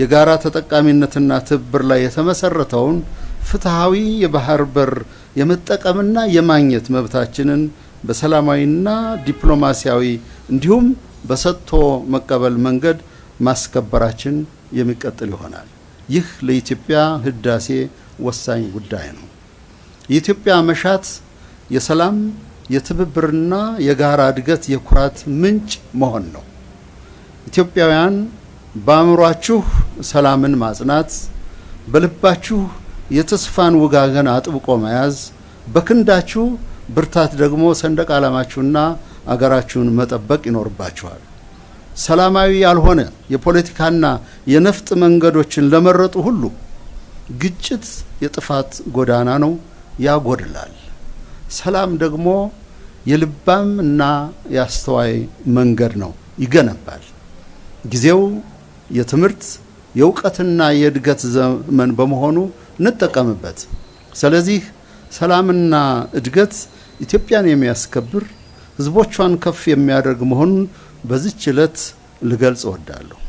የጋራ ተጠቃሚነትና ትብብር ላይ የተመሰረተውን ፍትሐዊ የባህር በር የመጠቀምና የማግኘት መብታችንን በሰላማዊና ዲፕሎማሲያዊ እንዲሁም በሰጥቶ መቀበል መንገድ ማስከበራችን የሚቀጥል ይሆናል። ይህ ለኢትዮጵያ ህዳሴ ወሳኝ ጉዳይ ነው። የኢትዮጵያ መሻት የሰላም የትብብርና የጋራ እድገት የኩራት ምንጭ መሆን ነው። ኢትዮጵያውያን በአእምሯችሁ ሰላምን ማጽናት፣ በልባችሁ የተስፋን ውጋገን አጥብቆ መያዝ፣ በክንዳችሁ ብርታት ደግሞ ሰንደቅ ዓላማችሁና አገራችሁን መጠበቅ ይኖርባችኋል። ሰላማዊ ያልሆነ የፖለቲካና የነፍጥ መንገዶችን ለመረጡ ሁሉ ግጭት የጥፋት ጎዳና ነው፣ ያጎድላል። ሰላም ደግሞ የልባም እና የአስተዋይ መንገድ ነው፣ ይገነባል። ጊዜው የትምህርት የእውቀትና የእድገት ዘመን በመሆኑ እንጠቀምበት። ስለዚህ ሰላምና እድገት ኢትዮጵያን የሚያስከብር ህዝቦቿን ከፍ የሚያደርግ መሆኑን በዚች ዕለት ልገልጽ እወዳለሁ።